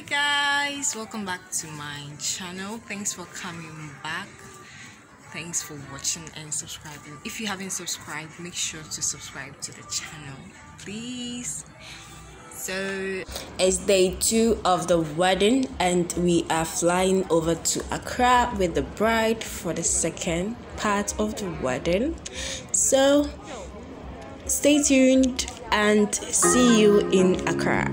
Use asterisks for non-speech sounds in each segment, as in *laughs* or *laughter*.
hi guys welcome back to my channel thanks for coming back thanks for watching and subscribing if you haven't subscribed make sure to subscribe to the channel please so it's day two of the wedding and we are flying over to accra with the bride for the second part of the wedding so stay tuned and see you in accra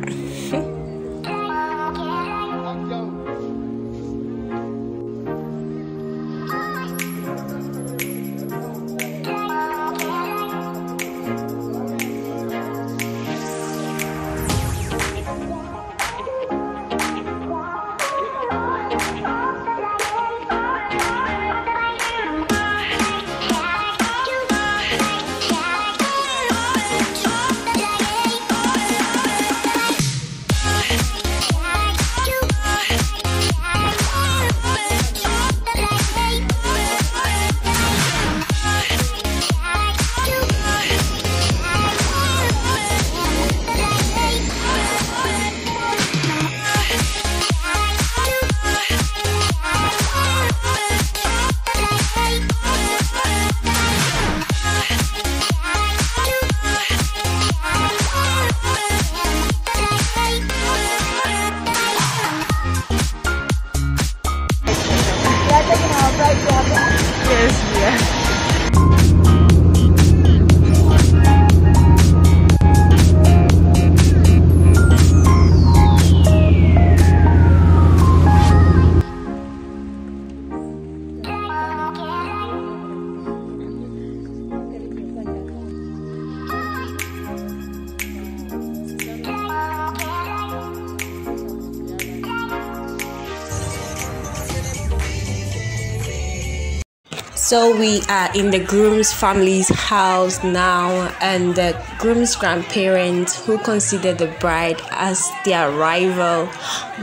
So we are in the groom's family's house now, and the groom's grandparents, who consider the bride as their rival,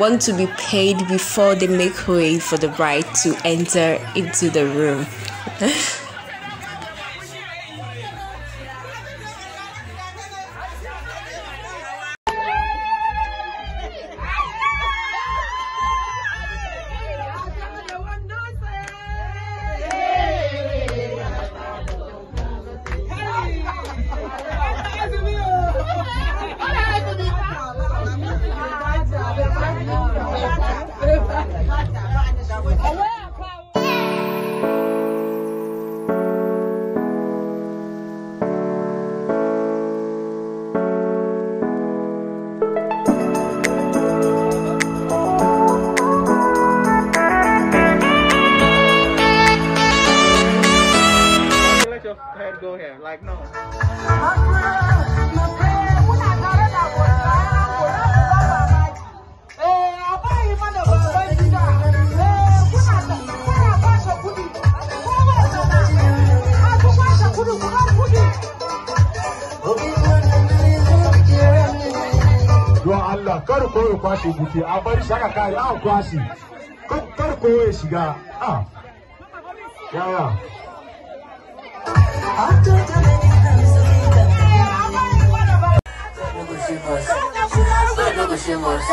want to be paid before they make way for the bride to enter into the room. *laughs* kwashi kar ko ya shiga a yaya Shivers,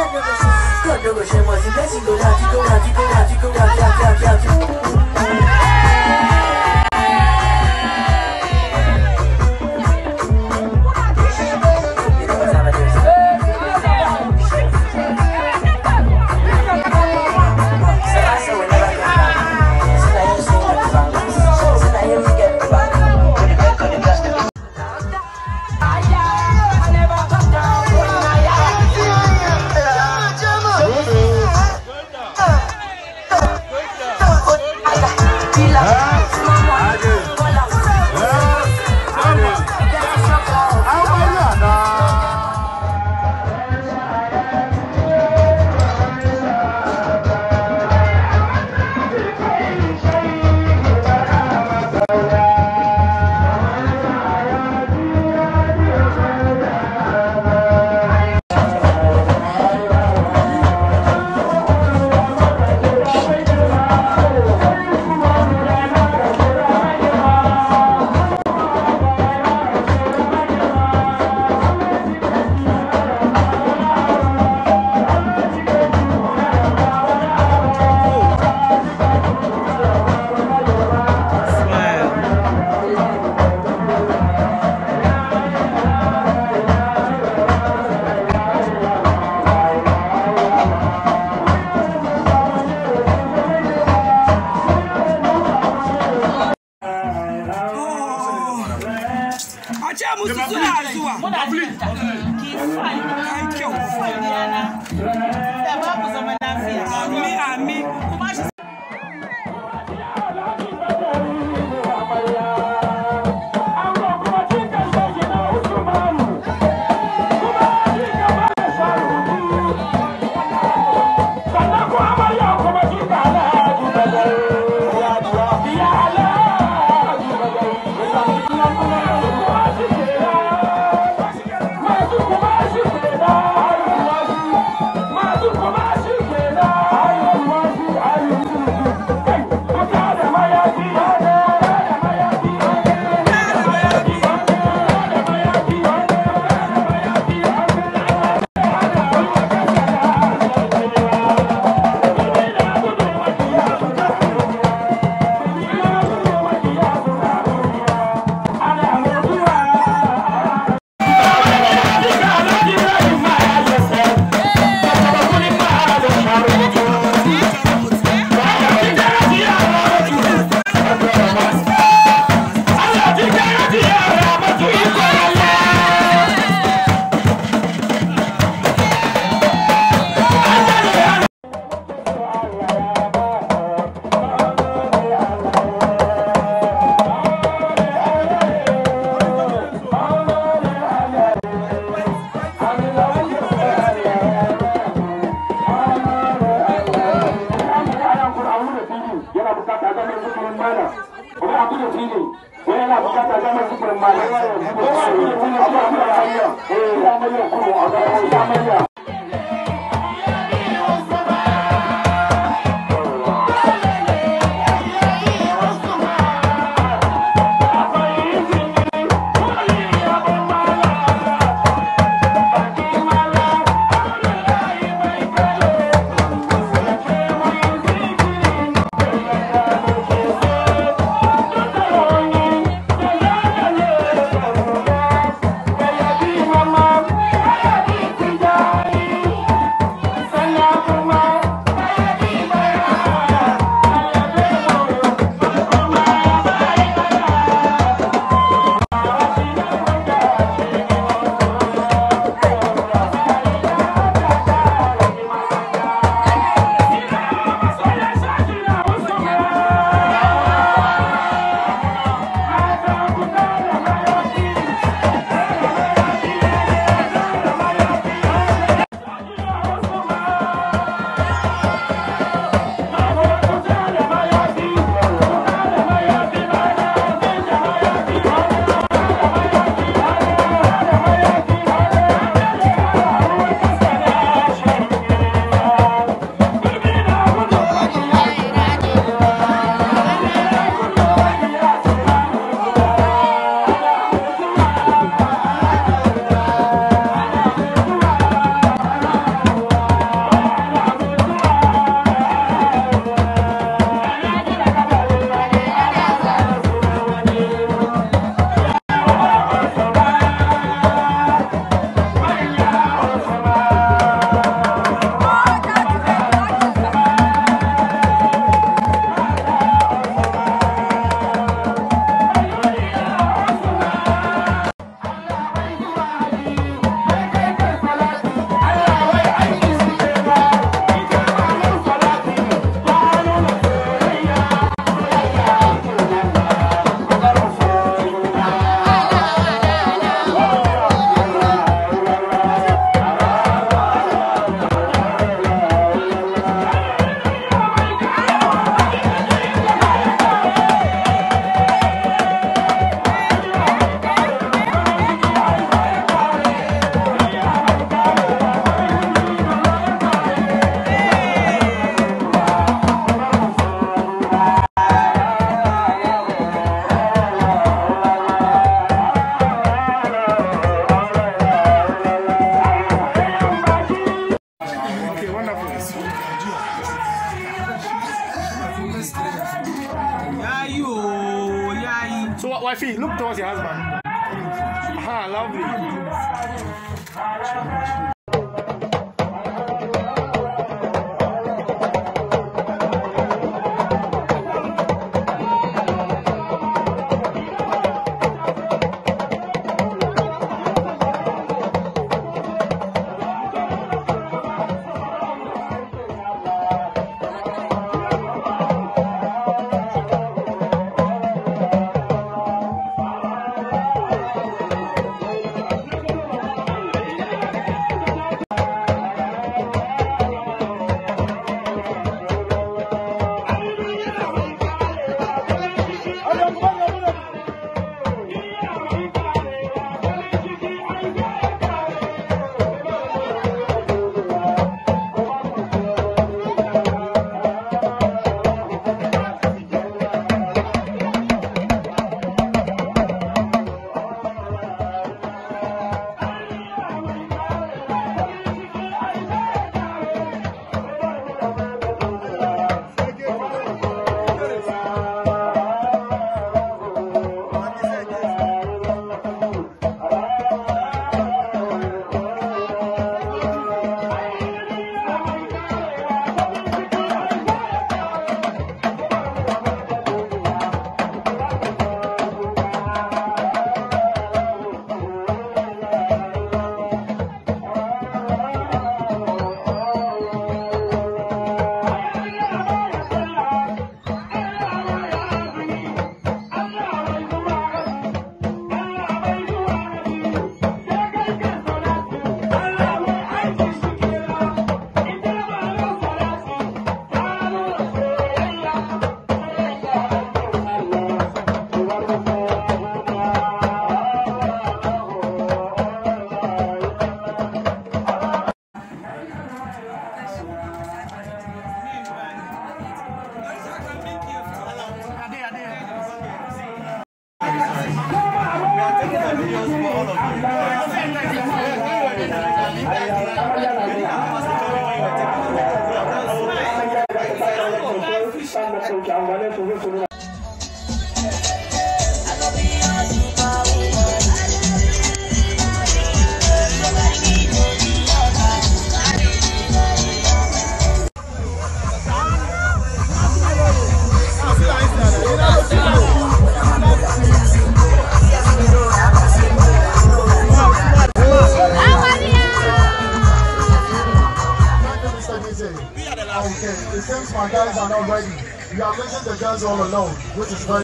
三个月不管了就三个月 So, wifey, look towards your husband. Ha, ah, lovely. guys are not ready. We are leaving the girls all alone, which is very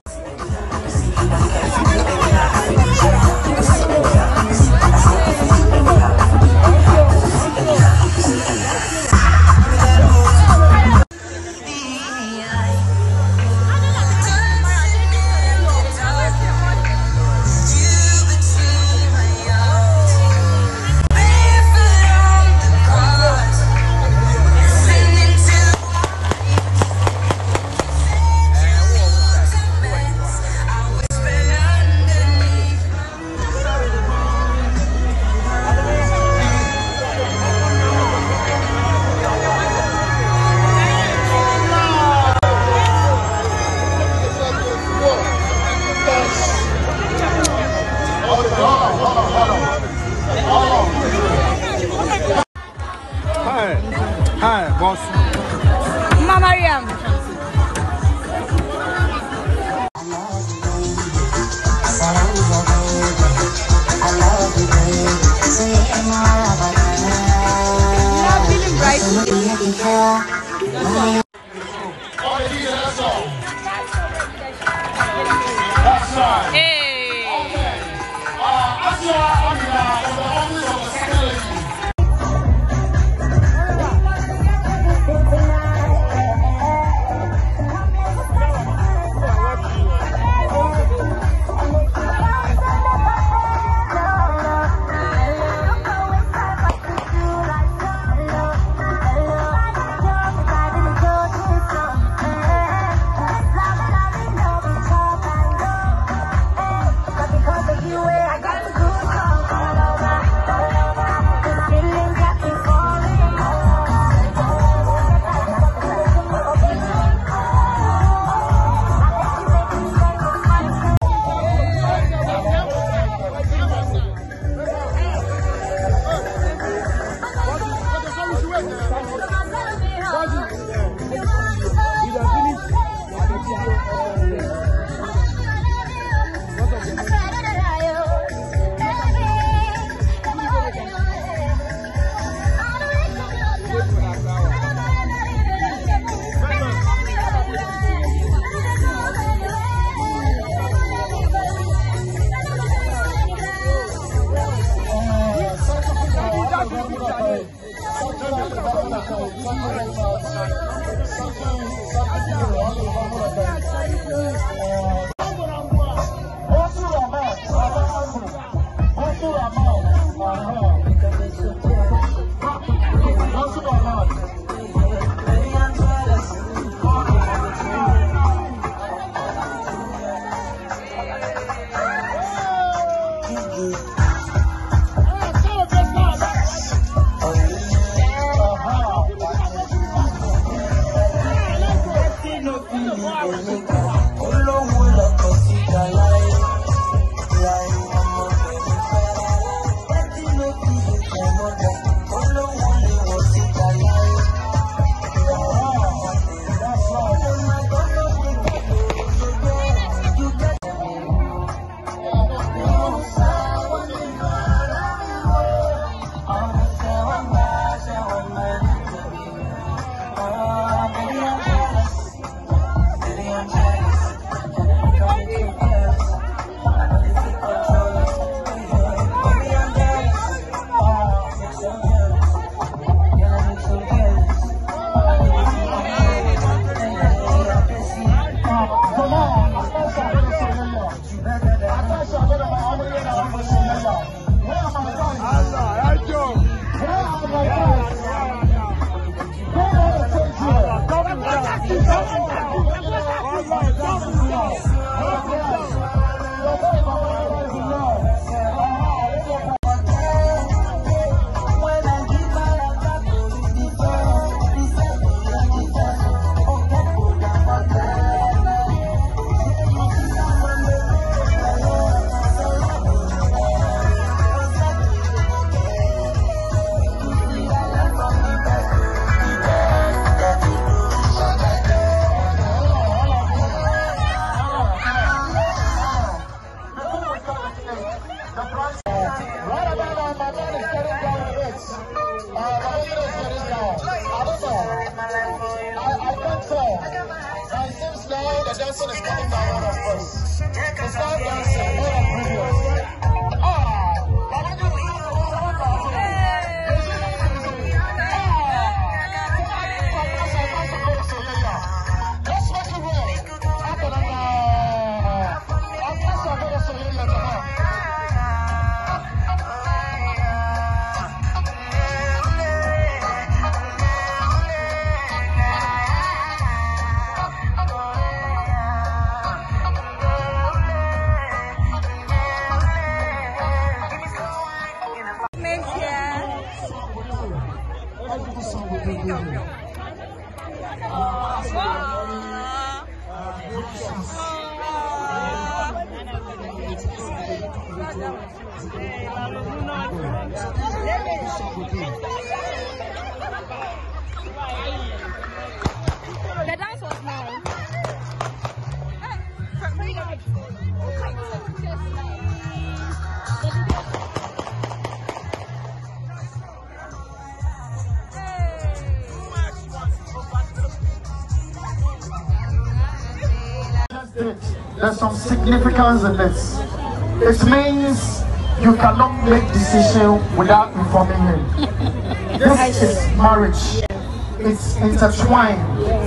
dancing is coming down on of us. To Stop, dancing, Bugunu. The dance was nice. there's some significance in this. It means you cannot make decision without informing him. This is marriage. It's intertwined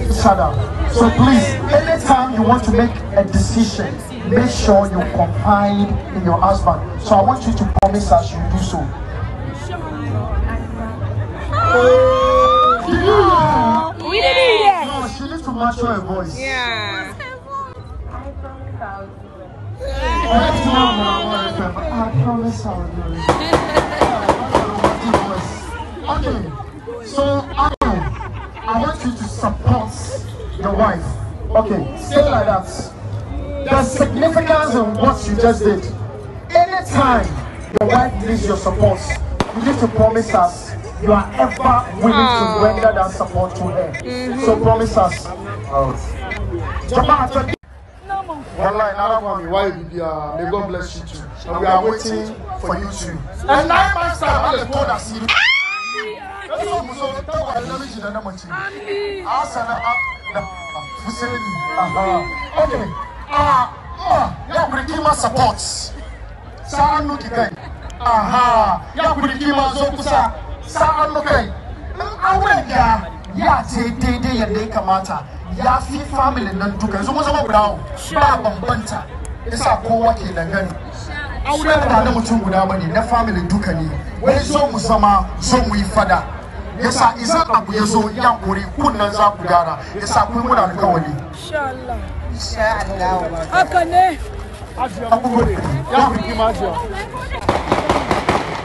each other. So please, anytime you want to make a decision, make sure you confide in your husband. So I want you to promise as you do so. Oh, *laughs* we did it! No, she needs to match her voice. Yeah. That's my mama I promise I'll it. Okay, so I, I want you to support your wife. Okay, say like that. The significance of what you just did. Anytime your wife needs your support, you need to promise us you are ever willing to render that support to her. So promise us. Oh. Wallahi, another one, why you be uh, May God bless you too. And we are waiting for you too. And now, nine months time, I'll go that see. That's all, so the time I love you, I'm not I'll send up the Hussein. Okay. Ah, ah, yeah, we give us support. Saan no kikai. Aha, yeah, we give us Zokusa. Saan no kai. Aware ya, ya, te, te, te, ya, they come out. ya fi family nan duka yanzu mun zama brown ba bambanta yasa kowa ke da gani aure ba na mutum guda bane na family duka ne Wai zo mu zama zo mu yi fada yasa izan abu ya zo ya kore kunnan za ku gyara yasa kun muna alkawari insha Allah insha Allah haka ne ajiya mu ya fi kima ajiya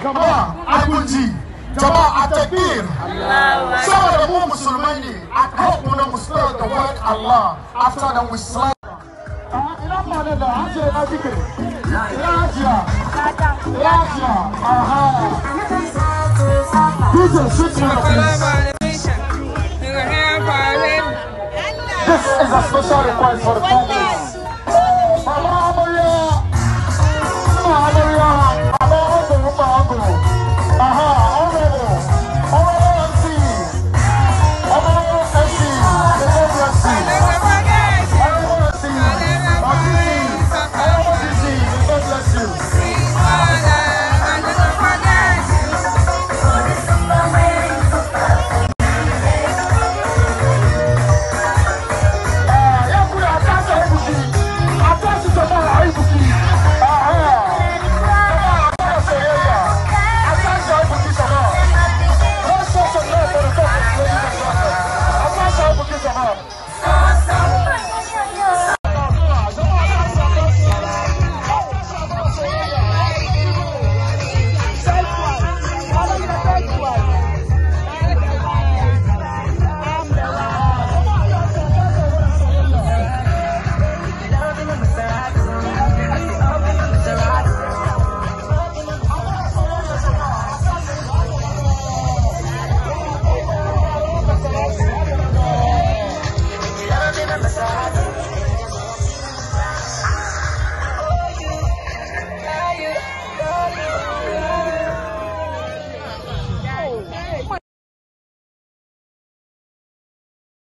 jama'a abunji jama'a of the mu musulmai ne a kankunan mu spell the word Allah after that we slide aha This is This is a special request for the Congress.